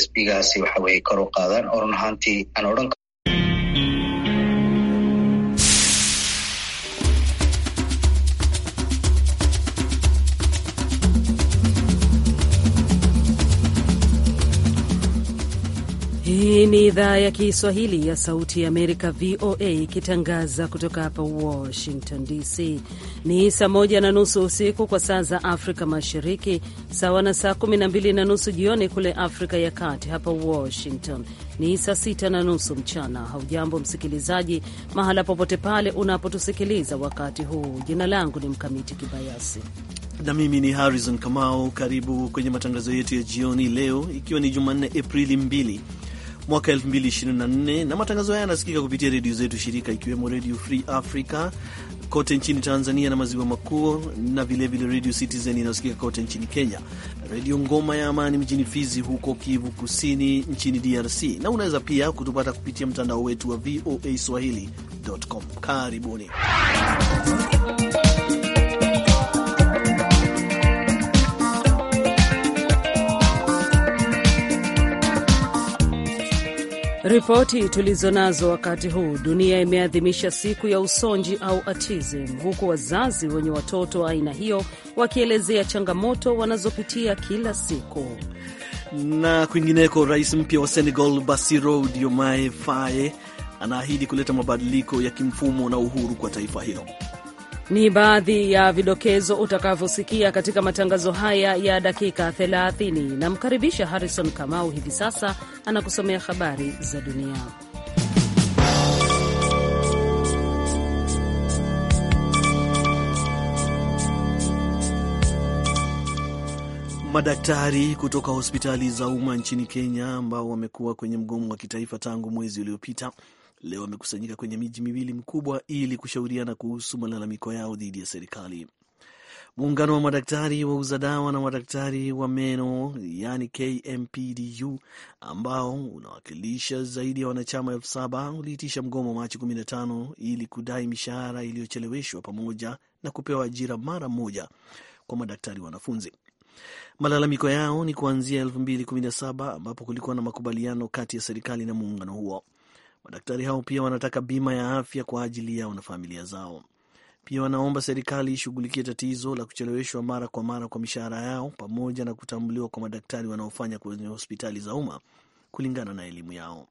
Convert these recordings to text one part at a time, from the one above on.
kasbigaasi waxaweye kor u qaadaan oo run ahaantii aan odhan Hii ni idhaa ya Kiswahili ya Sauti ya Amerika, VOA, ikitangaza kutoka hapa Washington DC. Ni saa moja na nusu usiku kwa saa za Afrika Mashariki, sawa na saa kumi na mbili na nusu jioni kule Afrika ya Kati. Hapa Washington ni saa sita na nusu mchana. Haujambo msikilizaji, mahala popote pale unapotusikiliza wakati huu. Jina langu ni Mkamiti Kibayasi na mimi ni Harrison Kamau. Karibu kwenye matangazo yetu ya jioni leo, ikiwa ni Jumanne Aprili 2 mwaka 2024, na matangazo haya yanasikika kupitia redio zetu shirika ikiwemo Redio Free Africa kote nchini Tanzania na maziwa makuu na vilevile Radio Citizen inayosikika kote nchini Kenya, Redio Ngoma ya Amani mjini Fizi huko Kivu Kusini nchini DRC, na unaweza pia kutupata kupitia mtandao wetu wa VOA Swahili.com. Karibuni. Ripoti tulizo nazo wakati huu, dunia imeadhimisha siku ya usonji au autism, huku wazazi wenye watoto wa aina hiyo wakielezea changamoto wanazopitia kila siku. Na kwingineko, rais mpya wa Senegal Bassirou Diomaye Faye anaahidi kuleta mabadiliko ya kimfumo na uhuru kwa taifa hilo. Ni baadhi ya vidokezo utakavyosikia katika matangazo haya ya dakika 30. Namkaribisha Harrison Kamau hivi sasa anakusomea habari za dunia. Madaktari kutoka hospitali za umma nchini Kenya ambao wamekuwa kwenye mgomo wa kitaifa tangu mwezi uliopita leo wamekusanyika kwenye miji miwili mikubwa ili kushauriana kuhusu malalamiko yao dhidi ya serikali. Muungano wa madaktari wauza dawa na madaktari wa meno yani KMPDU, ambao unawakilisha zaidi ya wanachama elfu saba uliitisha mgomo Machi 15 ili kudai mishahara iliyocheleweshwa pamoja na kupewa ajira mara moja kwa madaktari wanafunzi. Malalamiko yao ni kuanzia 2017 ambapo kulikuwa na makubaliano kati ya serikali na muungano huo. Madaktari hao pia wanataka bima ya afya kwa ajili yao na familia zao. Pia wanaomba serikali ishughulikie tatizo la kucheleweshwa mara kwa mara kwa mishahara yao pamoja na kutambuliwa kwa madaktari wanaofanya kwenye hospitali za umma kulingana na elimu yao.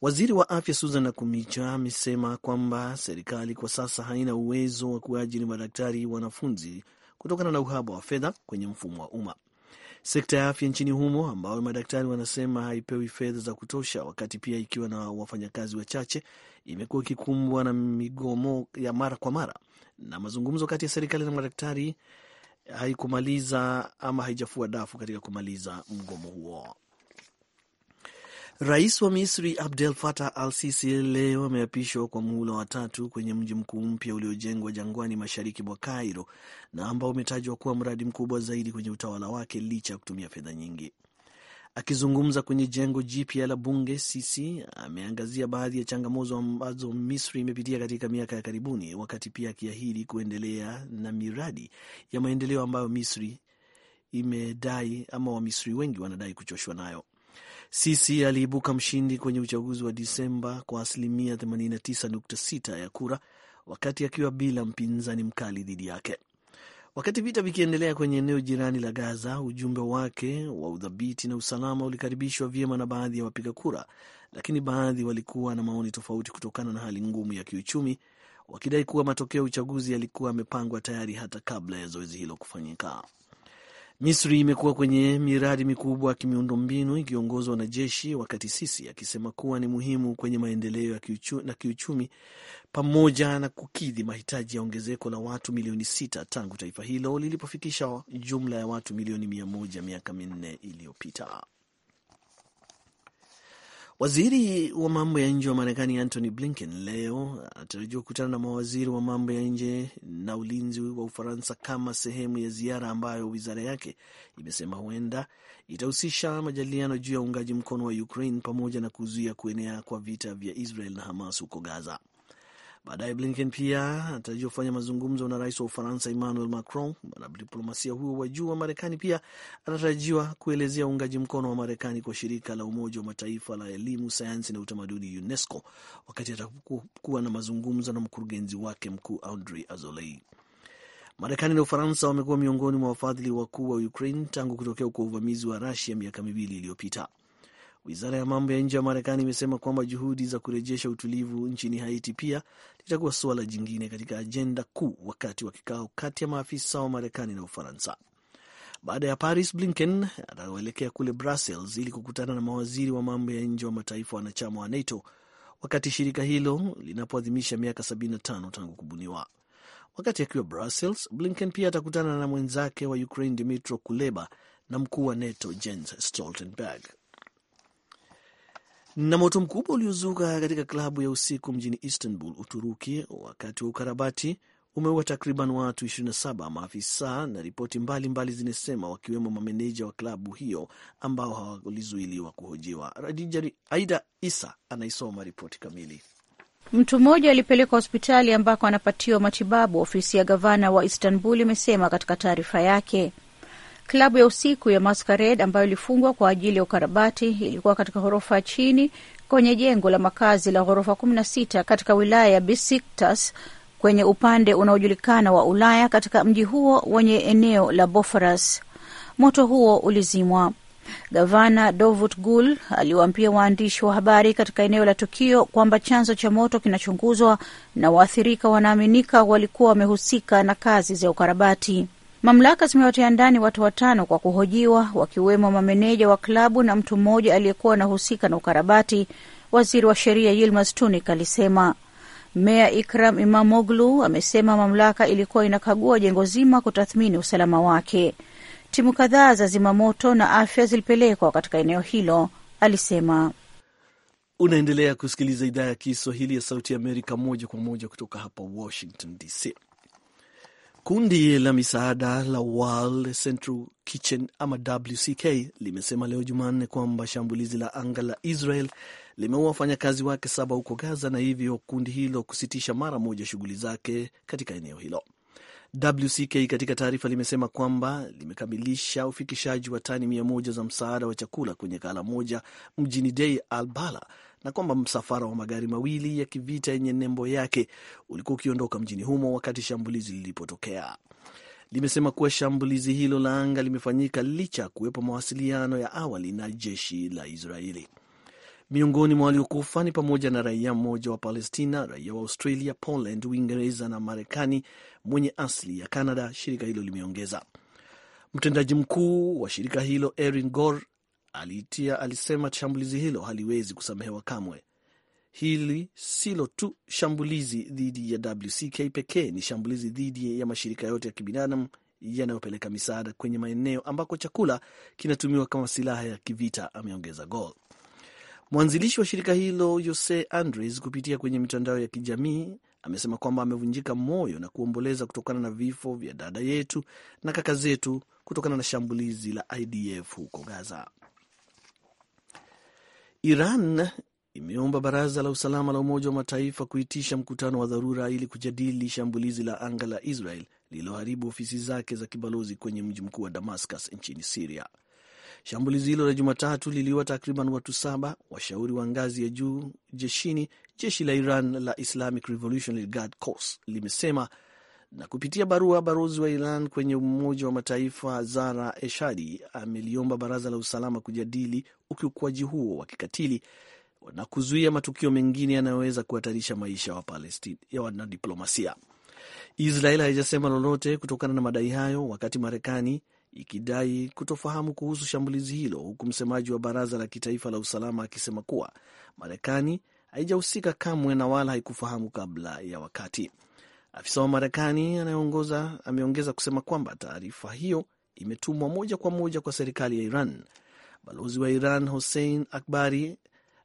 Waziri wa afya Susan Nakumicha amesema kwamba serikali kwa sasa haina uwezo wa kuajiri madaktari wanafunzi kutokana na uhaba wa fedha kwenye mfumo wa umma. Sekta ya afya nchini humo ambayo madaktari wanasema haipewi fedha za kutosha, wakati pia ikiwa na wafanyakazi wachache, imekuwa ikikumbwa na migomo ya mara kwa mara, na mazungumzo kati ya serikali na madaktari haikumaliza ama haijafua dafu katika kumaliza mgomo huo. Rais wa Misri Abdel Fattah al Sisi leo ameapishwa kwa muhula wa tatu kwenye mji mkuu mpya uliojengwa jangwani mashariki mwa Cairo na ambao umetajwa kuwa mradi mkubwa zaidi kwenye utawala wake licha ya kutumia fedha nyingi. Akizungumza kwenye jengo jipya la bunge, Sisi ameangazia baadhi ya changamoto ambazo Misri imepitia katika miaka ya karibuni, wakati pia akiahidi kuendelea na miradi ya maendeleo ambayo Misri imedai ama Wamisri wengi wanadai kuchoshwa nayo. Sisi aliibuka mshindi kwenye uchaguzi wa Disemba kwa asilimia 89.6 ya kura, wakati akiwa bila mpinzani mkali dhidi yake. Wakati vita vikiendelea kwenye eneo jirani la Gaza, ujumbe wake wa udhabiti na usalama ulikaribishwa vyema na baadhi ya wapiga kura, lakini baadhi walikuwa na maoni tofauti kutokana na hali ngumu ya kiuchumi, wakidai kuwa matokeo ya uchaguzi yalikuwa yamepangwa tayari hata kabla ya zoezi hilo kufanyika. Misri imekuwa kwenye miradi mikubwa ya mbinu ikiongozwa na jeshi, wakati Sisi akisema kuwa ni muhimu kwenye maendeleo ya na kiuchumi pamoja na kukidhi mahitaji ya ongezeko la watu milioni sita tangu taifa hilo lilipofikisha jumla ya watu milioni mia moja miaka minne iliyopita. Waziri wa mambo ya nje wa Marekani Antony Blinken leo anatarajiwa kukutana na mawaziri wa mambo ya nje na ulinzi wa Ufaransa kama sehemu ya ziara ambayo wizara yake imesema huenda itahusisha majadiliano juu ya uungaji mkono wa Ukraine pamoja na kuzuia kuenea kwa vita vya Israel na Hamas huko Gaza. Baadaye Blinken pia anatarajiwa kufanya mazungumzo na rais wa Ufaransa Emmanuel Macron. Mwanadiplomasia huyo wa juu wa Marekani pia anatarajiwa kuelezea uungaji mkono wa Marekani kwa shirika la Umoja wa Mataifa la elimu, sayansi na utamaduni UNESCO wakati atakuwa na mazungumzo na mkurugenzi wake mkuu Audrey Azoulay. Marekani na Ufaransa wamekuwa miongoni mwa wafadhili wakuu wa Ukraine tangu kutokea kwa uvamizi wa Rusia miaka miwili iliyopita. Wizara ya mambo ya nje ya Marekani imesema kwamba juhudi za kurejesha utulivu nchini Haiti pia litakuwa suala jingine katika ajenda kuu wakati wa kikao kati ya maafisa wa Marekani na Ufaransa. Baada ya Paris, Blinken ataelekea kule Brussels ili kukutana na mawaziri wa mambo ya nje wa mataifa wanachama wa NATO wakati shirika hilo linapoadhimisha miaka 75 tangu kubuniwa. Wakati akiwa Brussels, Blinken pia atakutana na mwenzake wa Ukraine Dmitro Kuleba na mkuu wa NATO Jens Stoltenberg. Na moto mkubwa uliozuka katika klabu ya usiku mjini Istanbul, Uturuki, wakati wa ukarabati umeua takriban watu 27, maafisa na ripoti mbalimbali zinasema, wakiwemo mameneja wa klabu hiyo ambao hawalizuiliwa kuhojiwa. Aida Isa anaisoma ripoti kamili. Mtu mmoja alipelekwa hospitali ambako anapatiwa matibabu, ofisi ya gavana wa Istanbul imesema katika taarifa yake. Klabu ya usiku ya Masquerade ambayo ilifungwa kwa ajili ya ukarabati ilikuwa katika ghorofa ya chini kwenye jengo la makazi la ghorofa 16 katika wilaya ya Besiktas kwenye upande unaojulikana wa Ulaya katika mji huo wenye eneo la Boforas. Moto huo ulizimwa. Gavana Dovut Gul aliwaambia waandishi wa habari katika eneo la tukio kwamba chanzo cha moto kinachunguzwa na waathirika wanaaminika walikuwa wamehusika na kazi za ukarabati. Mamlaka zimewatia ndani watu watano kwa kuhojiwa, wakiwemo mameneja wa klabu na mtu mmoja aliyekuwa anahusika na ukarabati. Waziri wa sheria Yilmaz Tunik alisema. Meya Ikram Imamoglu amesema mamlaka ilikuwa inakagua jengo zima kutathmini usalama wake. Timu kadhaa za zimamoto na afya zilipelekwa katika eneo hilo, alisema. Unaendelea kusikiliza idhaa ya Kiswahili ya Sauti ya Amerika moja kwa moja kutoka hapa Washington DC. Kundi la misaada la World Central Kitchen ama WCK limesema leo Jumanne kwamba shambulizi la anga la Israel limeua wafanyakazi wake saba huko Gaza na hivyo kundi hilo kusitisha mara moja shughuli zake katika eneo hilo. WCK katika taarifa limesema kwamba limekamilisha ufikishaji wa tani mia moja za msaada wa chakula kwenye ghala moja mjini Dei al bala na kwamba msafara wa magari mawili ya kivita yenye nembo yake ulikuwa ukiondoka mjini humo wakati shambulizi lilipotokea. Limesema kuwa shambulizi hilo la anga limefanyika licha ya kuwepo mawasiliano ya awali na jeshi la Israeli. Miongoni mwa waliokufa ni pamoja na raia mmoja wa Palestina, raia wa Australia, Poland, Uingereza na Marekani mwenye asili ya Canada, shirika hilo limeongeza. Mtendaji mkuu wa shirika hilo Erin Gore aliitia alisema shambulizi hilo haliwezi kusamehewa kamwe. Hili silo tu shambulizi dhidi ya WCK pekee, ni shambulizi dhidi ya mashirika yote ya kibinadamu yanayopeleka misaada kwenye maeneo ambako chakula kinatumiwa kama silaha ya kivita, ameongeza Gore. Mwanzilishi wa shirika hilo Jose Andres, kupitia kwenye mitandao ya kijamii, amesema kwamba amevunjika moyo na kuomboleza kutokana na vifo vya dada yetu na kaka zetu kutokana na shambulizi la IDF huko Gaza. Iran imeomba baraza la usalama la Umoja wa Mataifa kuitisha mkutano wa dharura ili kujadili shambulizi la anga la Israel lililoharibu ofisi zake za kibalozi kwenye mji mkuu wa Damascus nchini Siria. Shambulizi hilo la Jumatatu liliua takriban watu saba, washauri wa ngazi ya juu jeshini, jeshi la Iran la Islamic Revolutionary Guard Corps limesema na kupitia barua, balozi wa Iran kwenye Umoja wa Mataifa Zara Eshadi ameliomba Baraza la Usalama kujadili ukiukwaji huo wa kikatili na kuzuia matukio mengine yanayoweza kuhatarisha maisha wa Palestina ya wanadiplomasia. Israel haijasema lolote kutokana na madai hayo, wakati Marekani ikidai kutofahamu kuhusu shambulizi hilo, huku msemaji wa baraza la kitaifa la usalama akisema kuwa Marekani haijahusika kamwe na wala haikufahamu kabla ya wakati. Afisa wa Marekani anayeongoza ameongeza kusema kwamba taarifa hiyo imetumwa moja kwa moja kwa serikali ya Iran. Balozi wa Iran Hossein Akbari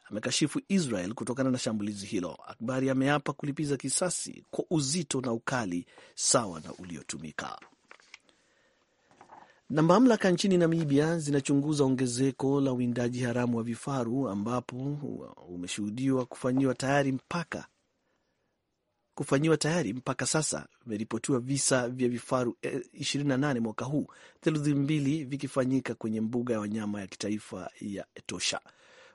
amekashifu Israel kutokana na shambulizi hilo. Akbari ameapa kulipiza kisasi kwa uzito na ukali sawa na uliotumika. Na mamlaka nchini Namibia zinachunguza ongezeko la uwindaji haramu wa vifaru ambapo umeshuhudiwa kufanyiwa tayari mpaka kufanyiwa tayari mpaka sasa vimeripotiwa visa vya vifaru 28 eh, mwaka huu, theluthi mbili vikifanyika kwenye mbuga ya wanyama ya kitaifa ya Etosha.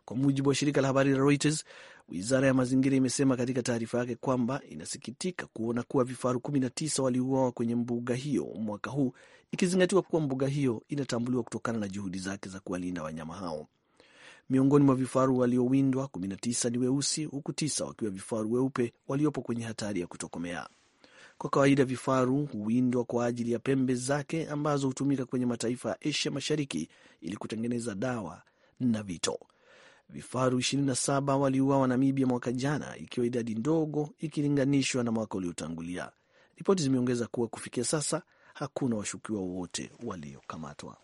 Kwa mujibu wa shirika la habari la Reuters, wizara ya mazingira imesema katika taarifa yake kwamba inasikitika kuona kuwa vifaru 19 waliuawa kwenye mbuga hiyo mwaka huu, ikizingatiwa kuwa mbuga hiyo inatambuliwa kutokana na juhudi zake za kuwalinda wanyama hao. Miongoni mwa vifaru waliowindwa 19 ni weusi huku tisa wakiwa vifaru weupe waliopo kwenye hatari ya kutokomea. Kwa kawaida vifaru huwindwa kwa ajili ya pembe zake ambazo hutumika kwenye mataifa ya Asia Mashariki ili kutengeneza dawa na vito. Vifaru 27 waliuawa Namibia mwaka jana, ikiwa idadi ndogo ikilinganishwa na mwaka uliotangulia. Ripoti zimeongeza kuwa kufikia sasa hakuna washukiwa wowote waliokamatwa.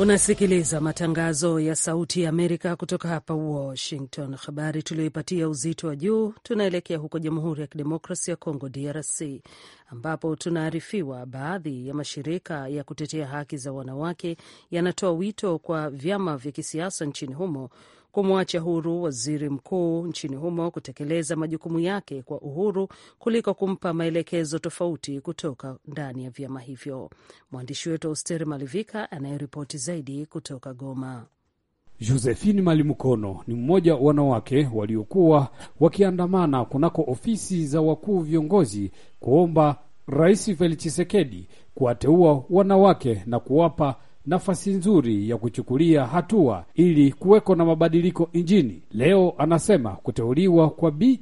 Unasikiliza matangazo ya Sauti ya Amerika kutoka hapa Washington. Habari tuliyoipatia uzito wa juu, tunaelekea huko Jamhuri ya Kidemokrasi ya Kongo, DRC, ambapo tunaarifiwa baadhi ya mashirika ya kutetea haki za wanawake yanatoa wito kwa vyama vya kisiasa nchini humo kumwacha huru waziri mkuu nchini humo kutekeleza majukumu yake kwa uhuru kuliko kumpa maelekezo tofauti kutoka ndani ya vyama hivyo. Mwandishi wetu Austeri Malivika anayeripoti zaidi kutoka Goma. Josephine Malimukono ni mmoja wa wanawake waliokuwa wakiandamana kunako ofisi za wakuu viongozi kuomba Rais Felix Tshisekedi kuwateua wanawake na kuwapa nafasi nzuri ya kuchukulia hatua ili kuweko na mabadiliko nchini. Leo anasema kuteuliwa kwa Bi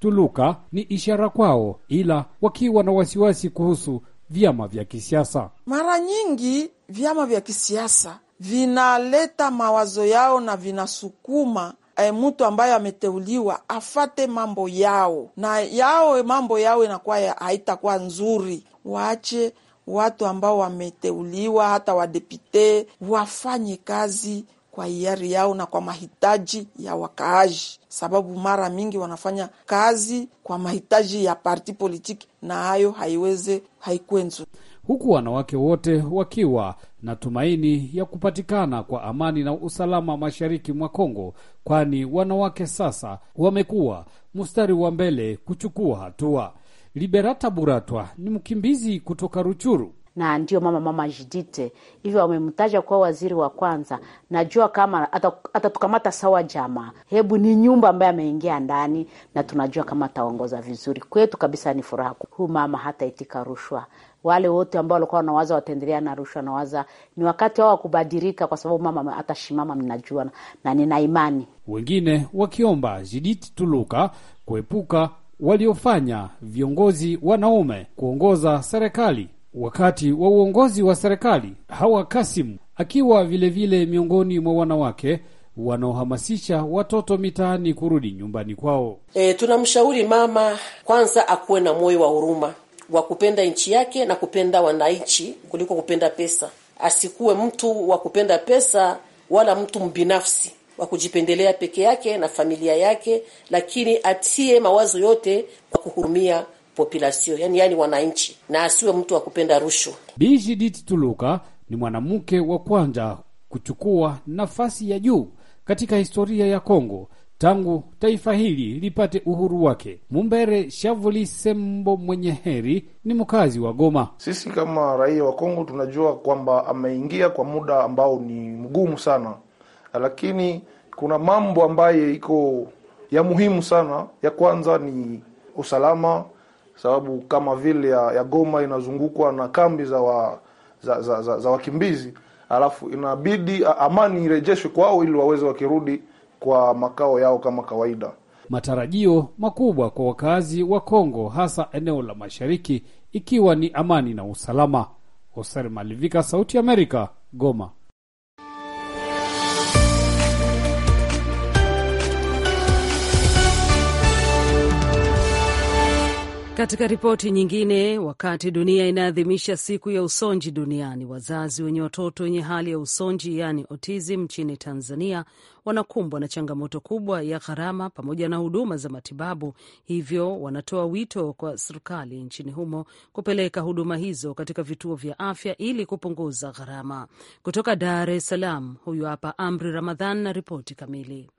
Tuluka ni ishara kwao, ila wakiwa na wasiwasi kuhusu vyama vya kisiasa. Mara nyingi vyama vya kisiasa vinaleta mawazo yao na vinasukuma E, mtu ambaye ameteuliwa afate mambo yao na yao mambo yao inakuwa haitakuwa nzuri, waache watu ambao wameteuliwa hata wadepute wafanye kazi kwa hiari yao na kwa mahitaji ya wakaaji, sababu mara mingi wanafanya kazi kwa mahitaji ya parti politiki, na hayo haiweze haikwenzwe huku wanawake wote wakiwa na tumaini ya kupatikana kwa amani na usalama mashariki mwa Kongo, kwani wanawake sasa wamekuwa mstari wa mbele kuchukua hatua. Liberata Buratwa ni mkimbizi kutoka Ruchuru na ndio mama mama Jidite hivyo wamemtaja kuwa waziri wa kwanza. Najua kama atatukamata sawa jamaa, hebu ni nyumba ambaye ameingia ndani, na tunajua kama ataongoza vizuri. Kwetu kabisa ni furaha, huu mama hataitika rushwa. Wale wote ambao walikuwa wanawaza wataendelea na rushwa, nawaza ni wakati wao wa kwa sababu mama atashimama, ninajua na nina imani. Wengine wakiomba Jiditi Tuluka kuepuka waliofanya viongozi wanaume kuongoza serikali wakati wa uongozi wa serikali. Hawa Kasimu akiwa vilevile vile miongoni mwa wanawake wanaohamasisha watoto mitaani kurudi nyumbani kwao. E, tunamshauri mama kwanza akuwe na moyo wa huruma wa kupenda nchi yake na kupenda wananchi kuliko kupenda pesa. Asikuwe mtu wa kupenda pesa wala mtu mbinafsi wa kujipendelea peke yake na familia yake, lakini atie mawazo yote kwa kuhurumia populasio, yani, yani wananchi, na asiwe mtu wa kupenda rushwa. Bi Tuluka ni mwanamke wa kwanza kuchukua nafasi ya juu katika historia ya Kongo tangu taifa hili lipate uhuru wake. Mumbere Shavuli Sembo mwenye heri ni mkazi wa Goma. Sisi kama raia wa Kongo tunajua kwamba ameingia kwa muda ambao ni mgumu sana lakini kuna mambo ambaye iko ya muhimu sana. Ya kwanza ni usalama, sababu kama vile ya, ya Goma inazungukwa na kambi za, wa, za, za, za, za wakimbizi, alafu inabidi amani irejeshwe kwao ili waweze wakirudi kwa makao yao kama kawaida. Matarajio makubwa kwa wakazi wa Kongo, hasa eneo la mashariki, ikiwa ni amani na usalama. Hoser Malivika, Sauti ya Amerika, Goma. Katika ripoti nyingine, wakati dunia inaadhimisha siku ya usonji duniani, wazazi wenye watoto wenye hali ya usonji yaani autism nchini Tanzania wanakumbwa na changamoto kubwa ya gharama pamoja na huduma za matibabu, hivyo wanatoa wito kwa serikali nchini humo kupeleka huduma hizo katika vituo vya afya ili kupunguza gharama. Kutoka Dar es Salaam, huyu hapa Amri Ramadhan na ripoti kamili.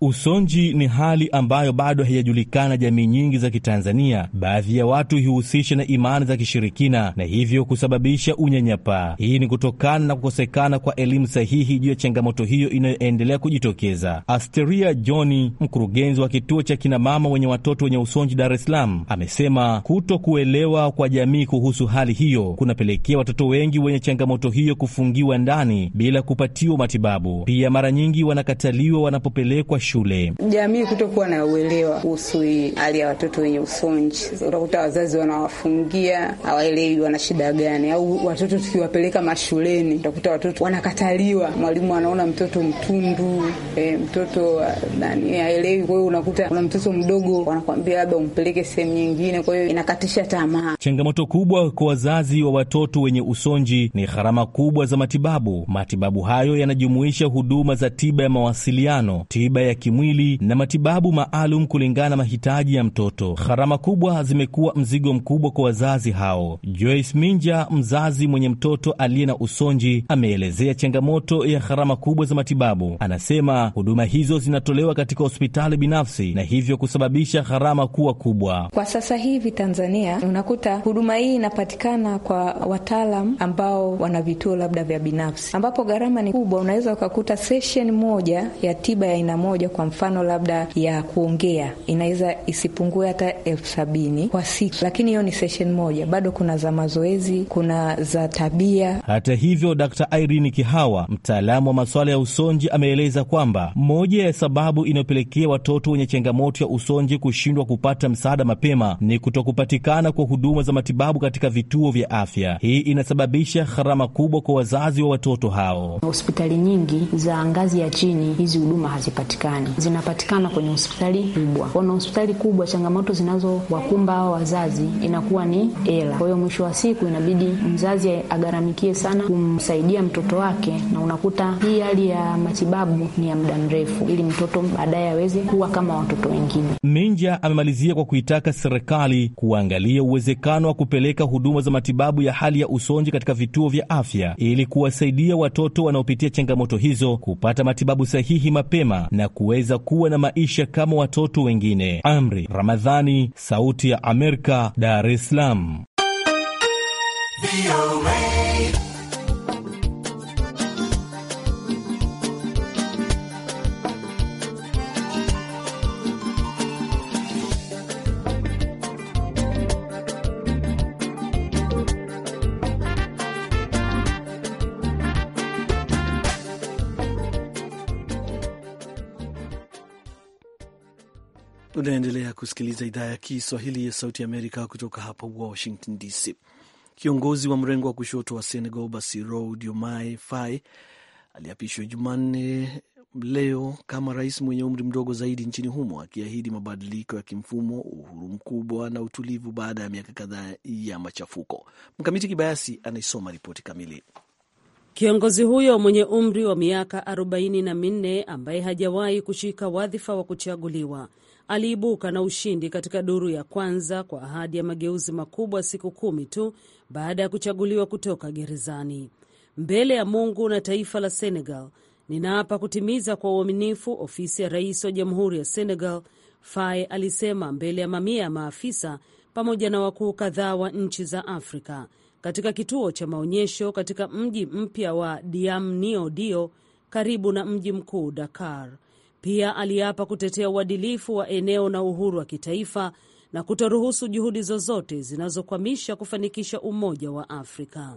Usonji ni hali ambayo bado haijajulikana jamii nyingi za Kitanzania. Baadhi ya watu huhusisha na imani za kishirikina na hivyo kusababisha unyanyapaa. Hii ni kutokana na kukosekana kwa elimu sahihi juu ya changamoto hiyo inayoendelea kujitokeza. Asteria Johni, mkurugenzi wa kituo cha kinamama wenye watoto wenye usonji Dar es Salaam, amesema kuto kuelewa kwa jamii kuhusu hali hiyo kunapelekea watoto wengi wenye changamoto hiyo kufungiwa ndani bila kupatiwa matibabu. Pia mara nyingi wanakataliwa wanapopelekwa shule. Jamii kutokuwa na uelewa kuhusu hali ya watoto wenye usonji, utakuta wazazi wanawafungia, hawaelewi wana shida gani, au watoto tukiwapeleka mashuleni utakuta watoto wanakataliwa, mwalimu anaona mtoto mtundu, e, mtoto nani haelewi. Kwa hiyo unakuta kuna mtoto mdogo wanakwambia labda umpeleke sehemu nyingine, kwa hiyo inakatisha tamaa. Changamoto kubwa kwa wazazi wa watoto wenye usonji ni gharama kubwa za matibabu. Matibabu hayo yanajumuisha huduma za tiba ya mawasiliano, tiba ya kimwili na matibabu maalum kulingana na mahitaji ya mtoto. Gharama kubwa zimekuwa mzigo mkubwa kwa wazazi hao. Joyce Minja, mzazi mwenye mtoto aliye na usonji, ameelezea changamoto ya gharama kubwa za matibabu. Anasema huduma hizo zinatolewa katika hospitali binafsi na hivyo kusababisha gharama kuwa kubwa. Kwa sasa hivi Tanzania unakuta huduma hii inapatikana kwa wataalam ambao wana vituo labda vya binafsi, ambapo gharama ni kubwa. Unaweza ukakuta sesheni moja ya tiba ya aina moja moja kwa mfano labda ya kuongea inaweza isipungue hata elfu sabini kwa siku, lakini hiyo ni session moja. Bado kuna za mazoezi, kuna za tabia. Hata hivyo, Dr. Irene Kihawa, mtaalamu wa masuala ya usonji, ameeleza kwamba moja ya sababu inayopelekea watoto wenye changamoto ya usonji kushindwa kupata msaada mapema ni kutokupatikana kwa huduma za matibabu katika vituo vya afya. Hii inasababisha gharama kubwa kwa wazazi wa watoto hao. Hospitali nyingi za ngazi ya chini hizi huduma hazipatikani nyumbani zinapatikana kwenye hospitali kubwa. Kuna hospitali kubwa, changamoto zinazowakumba hao wazazi inakuwa ni hela. Kwa hiyo mwisho wa siku inabidi mzazi agharamikie sana kumsaidia mtoto wake, na unakuta hii hali ya matibabu ni ya muda mrefu, ili mtoto baadaye aweze kuwa kama watoto wengine. Minja amemalizia kwa kuitaka serikali kuangalia uwezekano wa kupeleka huduma za matibabu ya hali ya usonji katika vituo vya afya ili kuwasaidia watoto wanaopitia changamoto hizo kupata matibabu sahihi mapema na ku kuweza kuwa na maisha kama watoto wengine. Amri Ramadhani, Sauti ya Amerika, Dar es Salaam. Unaendelea kusikiliza idhaa ya Kiswahili ya Sauti Amerika kutoka hapa Washington DC. Kiongozi wa mrengo wa kushoto wa Senegal Bassirou Diomaye Faye aliapishwa Jumanne leo kama rais mwenye umri mdogo zaidi nchini humo, akiahidi mabadiliko ya kimfumo, uhuru mkubwa na utulivu baada ya miaka kadhaa ya machafuko. Mkamiti Kibayasi anaisoma ripoti kamili. Kiongozi huyo mwenye umri wa miaka arobaini na minne ambaye hajawahi kushika wadhifa wa kuchaguliwa aliibuka na ushindi katika duru ya kwanza kwa ahadi ya mageuzi makubwa siku kumi tu baada ya kuchaguliwa kutoka gerezani. Mbele ya Mungu na taifa la Senegal, ninaapa kutimiza kwa uaminifu ofisi ya rais wa jamhuri ya Senegal, Faye alisema mbele ya mamia ya maafisa pamoja na wakuu kadhaa wa nchi za Afrika katika kituo cha maonyesho katika mji mpya wa Dio karibu na mji mkuu Dakar. Pia aliapa kutetea uadilifu wa eneo na uhuru wa kitaifa na kutoruhusu juhudi zozote zinazokwamisha kufanikisha umoja wa Afrika.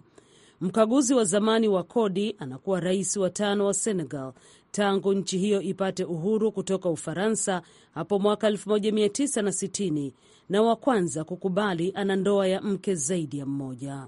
Mkaguzi wa zamani wa kodi anakuwa rais wa tano wa Senegal tangu nchi hiyo ipate uhuru kutoka Ufaransa hapo mwaka 1960 na wa kwanza kukubali ana ndoa ya mke zaidi ya mmoja.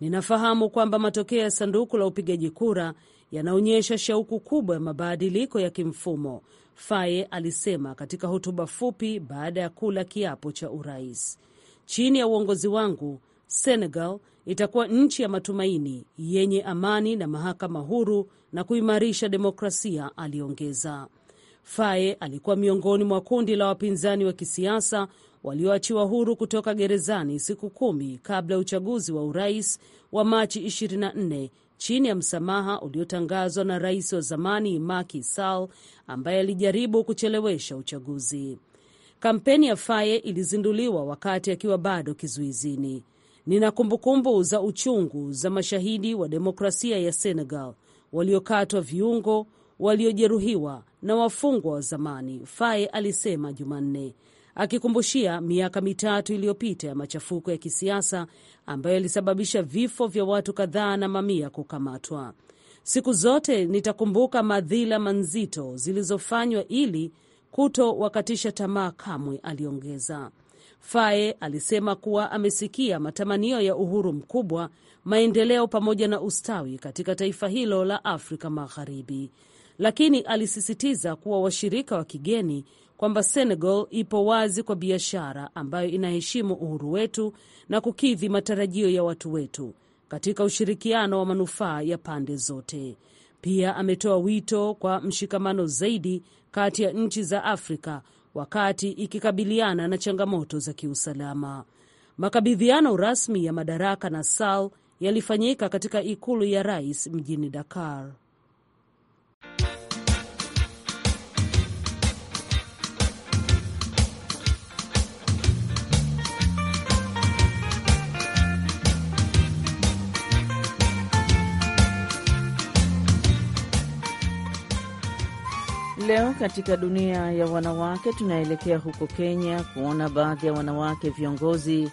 Ninafahamu kwamba matokeo ya sanduku la upigaji kura yanaonyesha shauku kubwa ya mabadiliko ya kimfumo, Faye alisema katika hotuba fupi baada ya kula kiapo cha urais. Chini ya uongozi wangu, Senegal itakuwa nchi ya matumaini yenye amani na mahakama huru na kuimarisha demokrasia, aliongeza. Faye alikuwa miongoni mwa kundi la wapinzani wa kisiasa walioachiwa huru kutoka gerezani siku kumi kabla ya uchaguzi wa urais wa Machi 24 chini ya msamaha uliotangazwa na rais wa zamani Macky Sall ambaye alijaribu kuchelewesha uchaguzi. Kampeni ya Faye ilizinduliwa wakati akiwa bado kizuizini. Nina kumbukumbu za uchungu za mashahidi wa demokrasia ya Senegal waliokatwa viungo, waliojeruhiwa na wafungwa wa zamani, Faye alisema Jumanne akikumbushia miaka mitatu iliyopita ya machafuko ya kisiasa ambayo yalisababisha vifo vya watu kadhaa na mamia kukamatwa. Siku zote nitakumbuka madhila manzito zilizofanywa ili kuto wakatisha tamaa kamwe, aliongeza. fae alisema kuwa amesikia matamanio ya uhuru mkubwa, maendeleo pamoja na ustawi katika taifa hilo la Afrika Magharibi, lakini alisisitiza kuwa washirika wa kigeni kwamba Senegal ipo wazi kwa biashara ambayo inaheshimu uhuru wetu na kukidhi matarajio ya watu wetu katika ushirikiano wa manufaa ya pande zote. Pia ametoa wito kwa mshikamano zaidi kati ya nchi za Afrika wakati ikikabiliana na changamoto za kiusalama. Makabidhiano rasmi ya madaraka na SAL yalifanyika katika ikulu ya rais mjini Dakar. leo katika dunia ya wanawake, tunaelekea huko Kenya kuona baadhi ya wanawake viongozi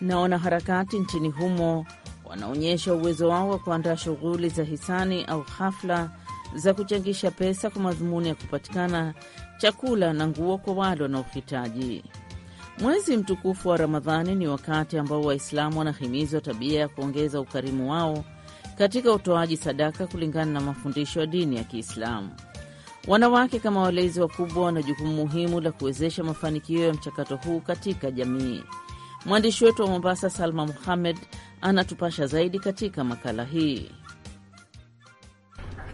na wanaharakati nchini humo wanaonyesha uwezo wao wa kuandaa shughuli za hisani au hafla za kuchangisha pesa kwa madhumuni ya kupatikana chakula na nguo kwa wale wanaohitaji. Mwezi mtukufu wa Ramadhani ni wakati ambao Waislamu wanahimizwa tabia ya kuongeza ukarimu wao katika utoaji sadaka kulingana na mafundisho ya dini ya Kiislamu. Wanawake kama walezi wakubwa wana jukumu muhimu la kuwezesha mafanikio ya mchakato huu katika jamii. Mwandishi wetu wa Mombasa, Salma Muhammed, anatupasha zaidi katika makala hii.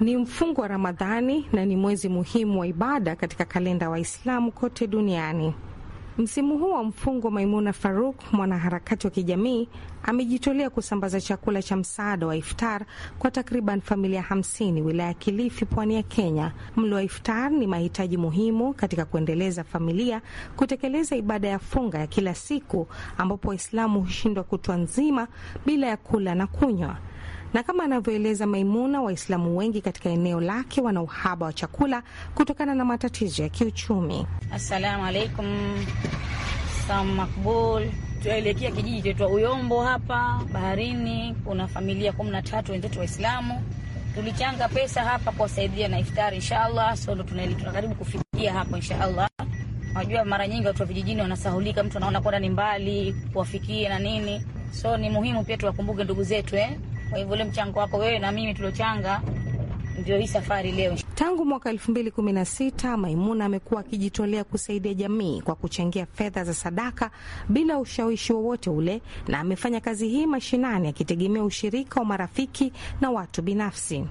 Ni mfungo wa Ramadhani na ni mwezi muhimu wa ibada katika kalenda Waislamu kote duniani. Msimu huu wa mfungo, Maimuna Faruk, mwanaharakati wa kijamii, amejitolea kusambaza chakula cha msaada wa iftar kwa takriban familia hamsini wilaya ya Kilifi, pwani ya Kenya. Mlo wa iftar ni mahitaji muhimu katika kuendeleza familia, kutekeleza ibada ya funga ya kila siku, ambapo Waislamu hushindwa kutwa nzima bila ya kula na kunywa na kama anavyoeleza Maimuna, Waislamu wengi katika eneo lake wana uhaba wa chakula kutokana na matatizo ya kiuchumi. Assalamu alaikum, Sam Makbul tuelekea kijiji chaitwa Uyombo hapa baharini. Kuna familia kumi na tatu wenzetu Waislamu, tulichanga pesa hapa kuwasaidia na iftari inshallah. So ndo karibu kufikia hapo inshallah. Unajua mara nyingi watu wa vijijini wanasahulika, mtu anaona kwenda ni mbali kuwafikia na nini, so ni muhimu pia tuwakumbuke ndugu zetu eh. Kwa hivyo ule mchango wako wewe na mimi tuliochanga ndio hii safari leo. Tangu mwaka sita Maimuna amekuwa akijitolea kusaidia jamii kwa kuchangia fedha za sadaka bila ushawishi wowote ule, na amefanya kazi hii mashinani akitegemea ushirika wa marafiki na watu binafsi.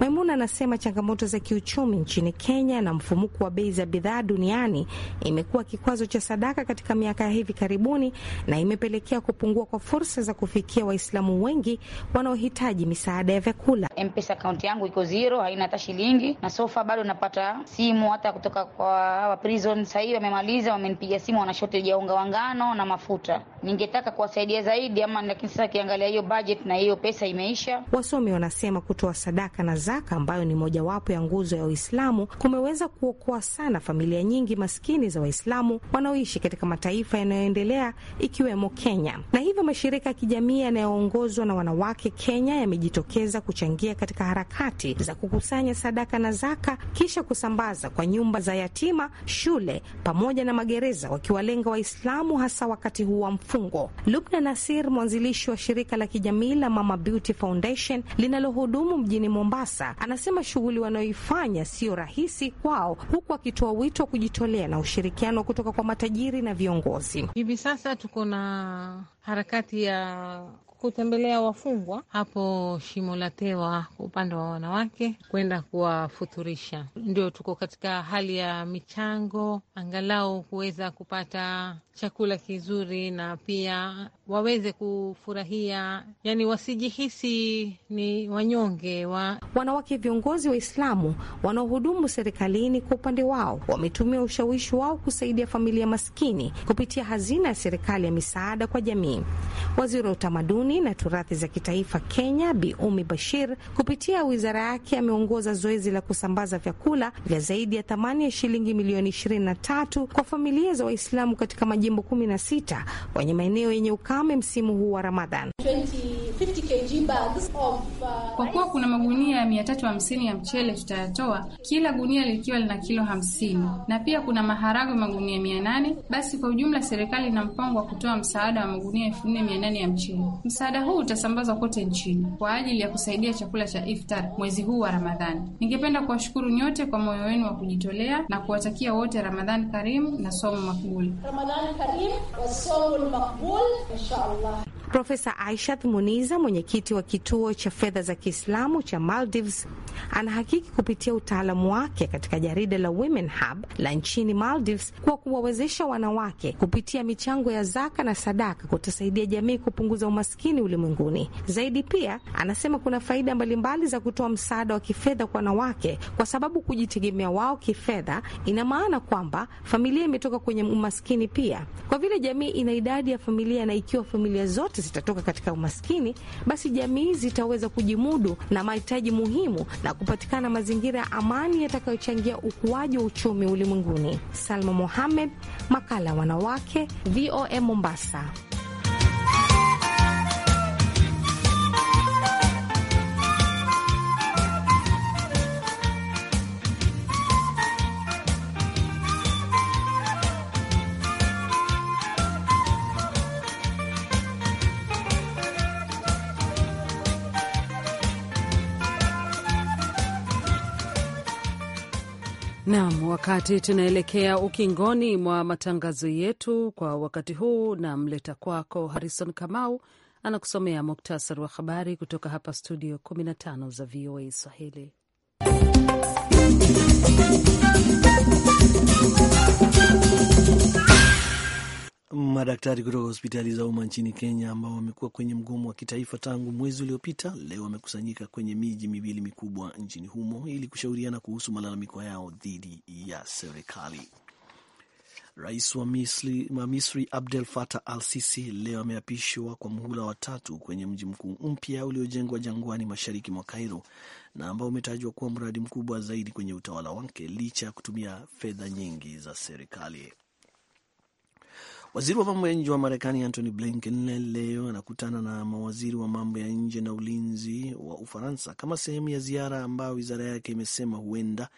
Maimuna anasema changamoto za kiuchumi nchini Kenya na mfumuko wa bei za bidhaa duniani imekuwa kikwazo cha sadaka katika miaka ya hivi karibuni na imepelekea kupungua kwa fursa za kufikia Waislamu wengi wanaohitaji misaada ya vyakula. Mpesa akaunti yangu iko zero, haina hata shilingi, na sofa bado napata simu hata kutoka kwa wa prison. Sasa hivi wamemaliza, wamenipiga simu, wana shortage ya unga wa ngano na mafuta. Ningetaka kuwasaidia zaidi ama, lakini sasa akiangalia hiyo budget na hiyo pesa imeisha. Wasomi wanasema kutoa sadaka na zaka ambayo ni mojawapo ya nguzo ya Uislamu kumeweza kuokoa sana familia nyingi maskini za Waislamu wanaoishi katika mataifa yanayoendelea ikiwemo Kenya, na hivyo mashirika ya kijamii yanayoongozwa na wanawake Kenya yamejitokeza kuchangia katika harakati za kukusanya sadaka na zaka, kisha kusambaza kwa nyumba za yatima, shule pamoja na magereza, wakiwalenga Waislamu hasa wakati huu wa mfungo. Lubna Nasir, mwanzilishi wa shirika la kijamii la Mama Beauty Foundation linalohudumu mjini Mombasa, sasa. Anasema shughuli wanayoifanya sio rahisi kwao, huku akitoa wito wa kujitolea na ushirikiano kutoka kwa matajiri na viongozi. Hivi sasa tuko na harakati ya kutembelea wafungwa hapo Shimo la Tewa kwa upande wa wanawake, kwenda kuwafuturisha. Ndio tuko katika hali ya michango, angalau kuweza kupata chakula kizuri na pia waweze kufurahia, yani wasijihisi ni wanyonge wa... Wanawake viongozi Waislamu wanaohudumu serikalini kwa upande wao wametumia ushawishi wao kusaidia familia maskini kupitia hazina ya serikali ya misaada kwa jamii. Waziri wa utamaduni na turathi za kitaifa Kenya Bi Umi Bashir kupitia wizara yake ameongoza zoezi la kusambaza vyakula vya zaidi ya thamani ya shilingi milioni 23 kwa familia za Waislamu katika majimbo 16 kwenye maeneo yenye ukame ukame msimu huu wa Ramadhan 20... 50 kg bags of, uh, kwa kuwa kuna magunia ya 350 ya mchele tutayatoa, kila gunia likiwa lina kilo 50, na pia kuna maharagwe magunia 800. Basi kwa ujumla serikali ina mpango wa kutoa msaada wa magunia 4800 ya mchele. Msaada huu utasambazwa kote nchini kwa ajili ya kusaidia chakula cha iftar mwezi huu wa Ramadhani. Ningependa kuwashukuru nyote kwa moyo wenu wa kujitolea na kuwatakia wote Ramadhani karimu na somo makbuli Ramadhani karimu wa somo inshallah. Profesa Aisha Muniz Aidha, mwenyekiti wa kituo cha fedha za Kiislamu cha Maldives anahakiki kupitia utaalamu wake katika jarida la Women Hub la nchini Maldives kwa kuwawezesha wanawake kupitia michango ya zaka na sadaka kutasaidia jamii kupunguza umaskini ulimwenguni. Zaidi pia anasema kuna faida mbalimbali za kutoa msaada wa kifedha kwa wanawake, kwa sababu kujitegemea wao kifedha ina maana kwamba familia imetoka kwenye umaskini pia, kwa vile jamii ina idadi ya familia, na ikiwa familia zote zitatoka katika umaskini, basi jamii zitaweza kujimudu na mahitaji muhimu na kupatikana mazingira ya amani yatakayochangia ukuaji wa uchumi ulimwenguni. Salma Mohamed, makala ya wanawake, VOA Mombasa. Wakati tunaelekea ukingoni mwa matangazo yetu kwa wakati huu, na mleta kwako Harrison Kamau anakusomea muktasari wa habari kutoka hapa studio 15 za VOA Swahili. Madaktari kutoka hospitali za umma nchini Kenya ambao wamekuwa kwenye mgomo wa kitaifa tangu mwezi uliopita, leo wamekusanyika kwenye miji miwili mikubwa nchini humo ili kushauriana kuhusu malalamiko yao dhidi ya serikali. Rais wa Misri, wa Misri Abdel Fattah al-Sisi leo ameapishwa kwa muhula wa tatu kwenye mji mkuu mpya uliojengwa jangwani mashariki mwa Cairo na ambao umetajwa kuwa mradi mkubwa zaidi kwenye utawala wake licha ya kutumia fedha nyingi za serikali. Waziri wa mambo ya nje wa Marekani Antony Blinken leo anakutana na mawaziri wa mambo ya nje na ulinzi wa Ufaransa kama sehemu ya ziara ambayo wizara yake imesema huenda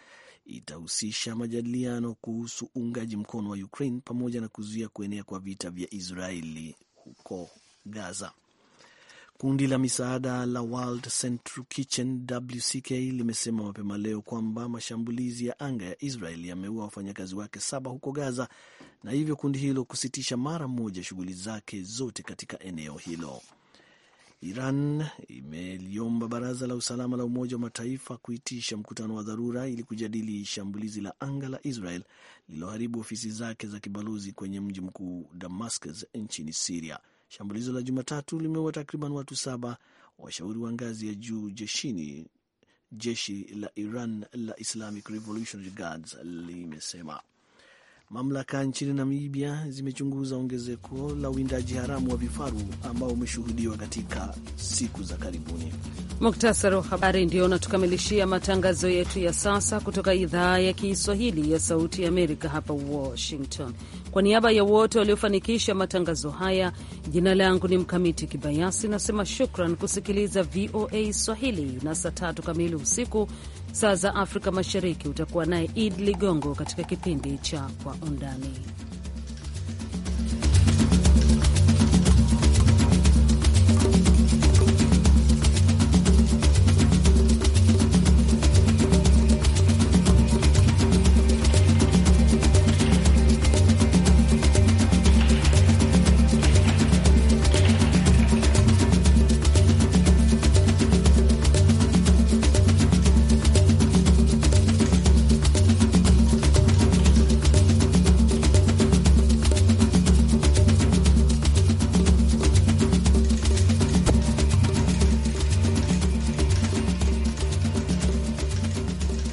itahusisha majadiliano kuhusu uungaji mkono wa Ukraine pamoja na kuzuia kuenea kwa vita vya Israeli huko Gaza. Kundi la misaada la World Central Kitchen WCK limesema mapema leo kwamba mashambulizi ya anga ya Israel yameua wafanyakazi wake saba huko Gaza na hivyo kundi hilo kusitisha mara moja shughuli zake zote katika eneo hilo. Iran imeliomba Baraza la Usalama la Umoja wa Mataifa kuitisha mkutano wa dharura ili kujadili shambulizi la anga la Israel lililoharibu ofisi zake za kibalozi kwenye mji mkuu Damascus nchini Siria. Shambulizo la Jumatatu limeua takriban watu saba, washauri wa ngazi ya juu jeshini, jeshi la Iran la Islamic Revolutionary Guards limesema. Mamlaka nchini Namibia zimechunguza ongezeko la uwindaji haramu wa vifaru ambao umeshuhudiwa katika siku za karibuni. Muktasari wa habari ndio unatukamilishia matangazo yetu ya sasa kutoka idhaa ya Kiswahili ya Sauti ya Amerika hapa Washington. Kwa niaba ya wote waliofanikisha matangazo haya, jina langu ni Mkamiti Kibayasi, nasema shukran kusikiliza VOA Swahili na saa tatu kamili usiku saa za Afrika Mashariki. Utakuwa naye Id Ligongo katika kipindi cha Kwa Undani.